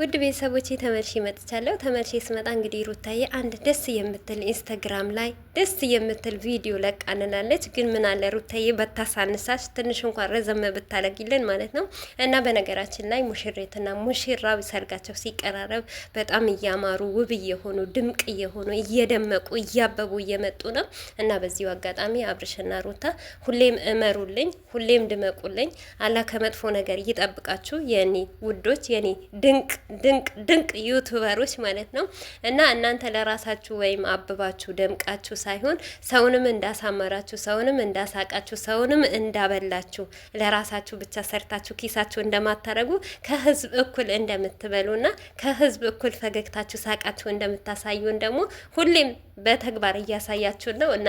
ውድ ቤተሰቦች ተመልሼ መጥቻለሁ። ተመልሼ ስመጣ እንግዲህ ሩታዬ አንድ ደስ የምትል ኢንስታግራም ላይ ደስ የምትል ቪዲዮ ለቃንላለች። ግን ምን አለ ሩታዬ በታሳንሳች ትንሽ እንኳን ረዘመ ብታለግልን ማለት ነው። እና በነገራችን ላይ ሙሽሬትና ሙሽራው ሰርጋቸው ሲቀራረብ በጣም እያማሩ ውብ እየሆኑ ድምቅ እየሆኑ እየደመቁ እያበቡ እየመጡ ነው። እና በዚሁ አጋጣሚ አብርሽና ሩታ ሁሌም እመሩልኝ፣ ሁሌም ድመቁልኝ። አላህ ከመጥፎ ነገር ይጠብቃችሁ የኔ ውዶች፣ የኔ ድንቅ ድንቅ ድንቅ ዩቱበሮች ማለት ነው። እና እናንተ ለራሳችሁ ወይም አብባችሁ ደምቃችሁ ሳይሆን ሰውንም እንዳሳመራችሁ፣ ሰውንም እንዳሳቃችሁ፣ ሰውንም እንዳበላችሁ ለራሳችሁ ብቻ ሰርታችሁ ኪሳችሁ እንደማታረጉ ከህዝብ እኩል እንደምትበሉና ከህዝብ እኩል ፈገግታችሁ ሳቃችሁ እንደምታሳዩን ደግሞ ሁሌም በተግባር እያሳያችሁ ነው። እና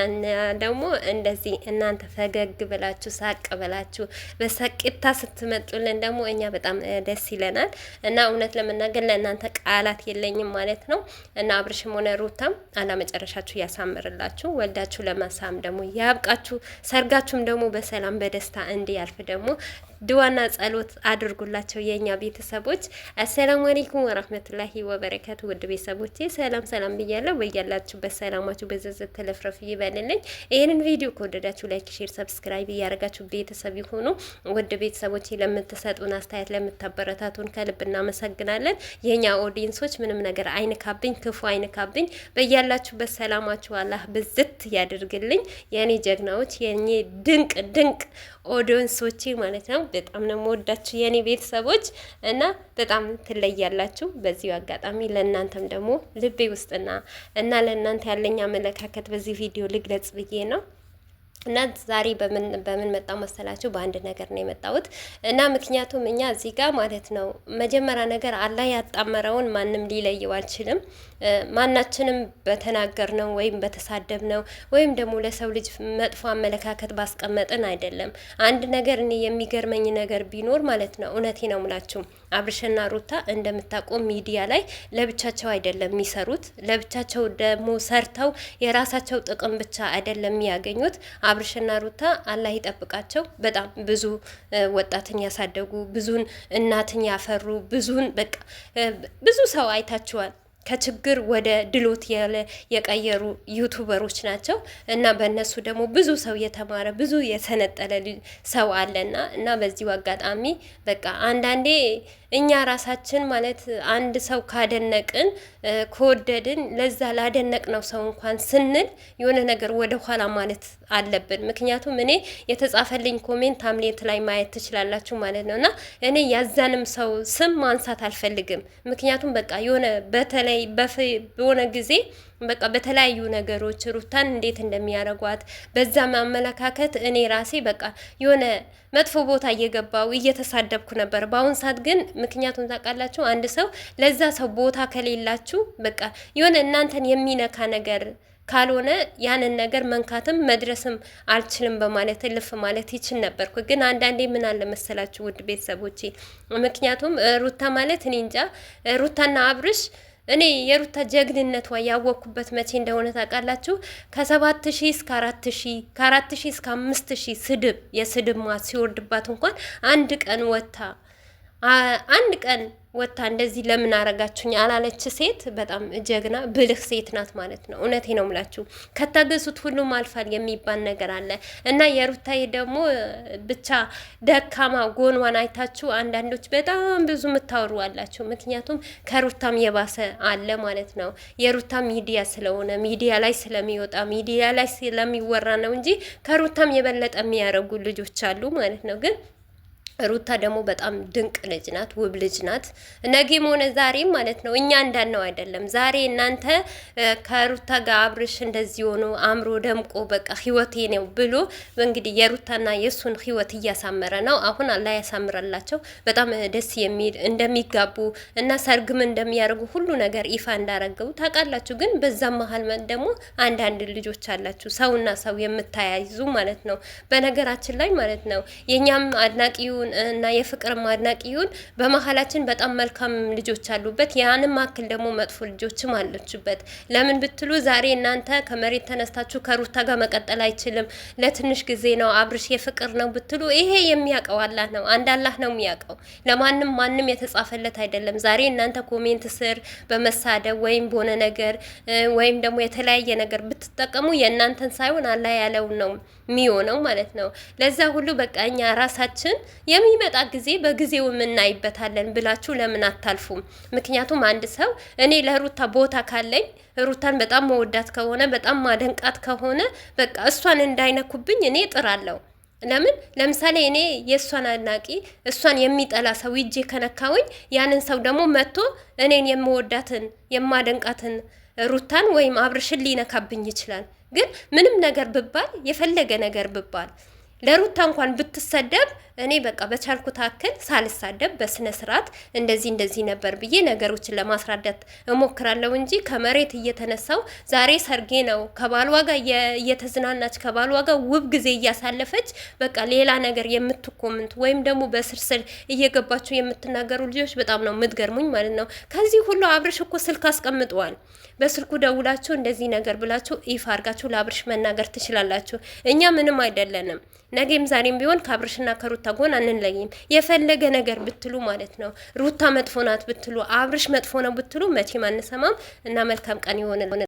ደግሞ እንደዚህ እናንተ ፈገግ ብላችሁ ሳቅ ብላችሁ በሰቂታ ስትመጡልን ደግሞ እኛ በጣም ደስ ይለናል። እና እውነት ለመናገር ለእናንተ ቃላት የለኝም ማለት ነው። እና አብርሽም ሆነ ሩታም አላመጨረሻችሁ እያሳምርላችሁ፣ ወልዳችሁ ለማሳም ደግሞ ያብቃችሁ፣ ሰርጋችሁም ደግሞ በሰላም በደስታ እንዲያልፍ ደግሞ ድዋና ጸሎት አድርጉላቸው የእኛ ቤተሰቦች። አሰላሙ አሌይኩም ወረህመቱላሂ ወበረከቱ። ውድ ቤተሰቦቼ ሰላም ሰላም ብያለሁ። በያላችሁበት ሰላማችሁ በዘዘት ተለፍረፍ ይበልልኝ። ይህንን ቪዲዮ ከወደዳችሁ ላይክ፣ ሼር፣ ሰብስክራይብ እያደረጋችሁ ቤተሰብ ይሁኑ። ውድ ቤተሰቦቼ ለምትሰጡን አስተያየት ለምታበረታቱን ከልብ እናመሰግናለን። የእኛ ኦዲየንሶች ምንም ነገር አይንካብኝ፣ ክፉ አይንካብኝ። በያላችሁበት ሰላማችሁ አላህ ብዝት ያድርግልኝ። የእኔ ጀግናዎች የእኔ ድንቅ ድንቅ ኦዲየንሶቼ ማለት ነው። በጣም ነው የምወዳችሁ የእኔ ቤተሰቦች እና በጣም ትለያላችሁ። በዚሁ አጋጣሚ ለእናንተም ደግሞ ልቤ ውስጥና እና ለእናንተ ያለኝ አመለካከት በዚህ ቪዲዮ ልግለጽ ብዬ ነው። እና ዛሬ በምን መጣው መሰላችሁ? በአንድ ነገር ነው የመጣሁት። እና ምክንያቱም እኛ እዚህ ጋር ማለት ነው መጀመሪያ ነገር አላህ ያጣመረውን ማንም ሊለየው አልችልም። ማናችንም በተናገር ነው ወይም በተሳደብ ነው ወይም ደግሞ ለሰው ልጅ መጥፎ አመለካከት ባስቀመጥን አይደለም። አንድ ነገር እኔ የሚገርመኝ ነገር ቢኖር ማለት ነው እውነቴ ነው ምላችሁ አብርሽና ሩታ እንደምታውቁ ሚዲያ ላይ ለብቻቸው አይደለም የሚሰሩት። ለብቻቸው ደግሞ ሰርተው የራሳቸው ጥቅም ብቻ አይደለም የሚያገኙት። አብርሽና ሩታ አላህ ይጠብቃቸው። በጣም ብዙ ወጣትን ያሳደጉ፣ ብዙን እናትን ያፈሩ፣ ብዙን በቃ ብዙ ሰው አይታችኋል። ከችግር ወደ ድሎት የቀየሩ ዩቱበሮች ናቸው እና በእነሱ ደግሞ ብዙ ሰው የተማረ ብዙ የተነጠለ ሰው አለና እና በዚሁ አጋጣሚ በቃ አንዳንዴ እኛ ራሳችን ማለት አንድ ሰው ካደነቅን ከወደድን ለዛ ላደነቅ ነው ሰው እንኳን ስንል የሆነ ነገር ወደ ኋላ ማለት አለብን። ምክንያቱም እኔ የተጻፈልኝ ኮሜንት አምሌት ላይ ማየት ትችላላችሁ ማለት ነው እና እኔ ያዛንም ሰው ስም ማንሳት አልፈልግም። ምክንያቱም በቃ የሆነ በተለይ በሆነ ጊዜ በቃ በተለያዩ ነገሮች ሩታን እንዴት እንደሚያደርጓት በዛ ማመለካከት እኔ ራሴ በቃ የሆነ መጥፎ ቦታ እየገባው እየተሳደብኩ ነበር። በአሁን ሰዓት ግን ምክንያቱን ታውቃላችሁ፣ አንድ ሰው ለዛ ሰው ቦታ ከሌላችሁ በቃ የሆነ እናንተን የሚነካ ነገር ካልሆነ ያንን ነገር መንካትም መድረስም አልችልም በማለት እልፍ ማለት ይችል ነበርኩ። ግን አንዳንዴ ምን አለ መሰላችሁ ውድ ቤተሰቦቼ፣ ምክንያቱም ሩታ ማለት እኔ እንጃ ሩታና አብርሽ እኔ የሩታ ጀግንነቷ ያወቅኩበት መቼ እንደሆነ ታውቃላችሁ? ከሰባት ሺህ እስከ አራት ሺህ ከአራት ሺህ እስከ አምስት ሺህ ስድብ የስድብ ማት ሲወርድባት እንኳን አንድ ቀን ወታ አንድ ቀን ወታ እንደዚህ ለምን አረጋችሁኝ አላለች ሴት በጣም ጀግና ብልህ ሴት ናት ማለት ነው። እውነቴ ነው ምላችሁ ከታገሱት ሁሉም አልፋል የሚባል ነገር አለ እና የሩታዬ ደግሞ ብቻ ደካማ ጎንዋን አይታችሁ አንዳንዶች በጣም ብዙ የምታወሩ አላችሁ። ምክንያቱም ከሩታም የባሰ አለ ማለት ነው። የሩታ ሚዲያ ስለሆነ ሚዲያ ላይ ስለሚወጣ ሚዲያ ላይ ስለሚወራ ነው እንጂ ከሩታም የበለጠ የሚያረጉ ልጆች አሉ ማለት ነው ግን ሩታ ደግሞ በጣም ድንቅ ልጅ ናት፣ ውብ ልጅ ናት። ነገም ሆነ ዛሬም ማለት ነው እኛ እንዳልነው አይደለም። ዛሬ እናንተ ከሩታ ጋር አብርሽ እንደዚህ ሆኖ አምሮ ደምቆ በቃ ህይወቴ ነው ብሎ እንግዲህ የሩታና የእሱን ህይወት እያሳመረ ነው። አሁን አላህ ያሳምረላቸው። በጣም ደስ የሚል እንደሚጋቡ እና ሰርግም እንደሚያደርጉ ሁሉ ነገር ይፋ እንዳረገቡ ታውቃላችሁ። ግን በዛ መሀል ደግሞ አንዳንድ ልጆች አላችሁ ሰውና ሰው የምታያይዙ ማለት ነው። በነገራችን ላይ ማለት ነው የእኛም አድናቂው ይሁን እና የፍቅር ማድናቂ ይሁን በመሀላችን በጣም መልካም ልጆች አሉበት፣ ያንም አክል ደግሞ መጥፎ ልጆችም አለችበት። ለምን ብትሉ ዛሬ እናንተ ከመሬት ተነስታችሁ ከሩታ ጋር መቀጠል አይችልም፣ ለትንሽ ጊዜ ነው አብርሽ የፍቅር ነው ብትሉ ይሄ የሚያውቀው አላህ ነው፣ አንድ አላህ ነው የሚያውቀው። ለማንም ማንም የተጻፈለት አይደለም። ዛሬ እናንተ ኮሜንት ስር በመሳደብ ወይም በሆነ ነገር ወይም ደግሞ የተለያየ ነገር ብትጠቀሙ የእናንተን ሳይሆን አላህ ያለውን ነው የሚሆነው ማለት ነው። ለዛ ሁሉ በቃ እኛ ራሳችን የሚመጣ ጊዜ በጊዜው የምናይበታለን ብላችሁ ለምን አታልፉም? ምክንያቱም አንድ ሰው እኔ ለሩታ ቦታ ካለኝ ሩታን በጣም መወዳት ከሆነ በጣም ማደንቃት ከሆነ በቃ እሷን እንዳይነኩብኝ እኔ ጥራለሁ። ለምን ለምሳሌ እኔ የእሷን አድናቂ እሷን የሚጠላ ሰው ይጄ ከነካውኝ ያንን ሰው ደግሞ መጥቶ እኔን የምወዳትን የማደንቃትን ሩታን ወይም አብርሽን ሊነካብኝ ይችላል። ግን ምንም ነገር ብባል የፈለገ ነገር ብባል ለሩታ እንኳን ብትሰደብ እኔ በቃ በቻልኩት አክል ሳልሳደብ በስነ ስርዓት እንደዚህ እንደዚህ ነበር ብዬ ነገሮችን ለማስረዳት እሞክራለሁ እንጂ ከመሬት እየተነሳው ዛሬ ሰርጌ ነው ከባሏ ጋር እየተዝናናች ከባሏ ጋር ውብ ጊዜ እያሳለፈች በቃ ሌላ ነገር የምትኮምንት ወይም ደግሞ በስልስል እየገባችሁ የምትናገሩ ልጆች በጣም ነው የምትገርሙኝ ማለት ነው። ከዚህ ሁሉ አብርሽ እኮ ስልክ አስቀምጠዋል። በስልኩ ደውላችሁ እንደዚህ ነገር ብላችሁ ይፋ አርጋችሁ ለአብርሽ መናገር ትችላላችሁ። እኛ ምንም አይደለንም። ነገም ዛሬም ቢሆን ከአብርሽና ከሩታ ጎን አንለይም። የፈለገ ነገር ብትሉ ማለት ነው። ሩታ መጥፎ ናት ብትሉ፣ አብርሽ መጥፎ ነው ብትሉ መቼም አንሰማም እና መልካም ቀን የሆነ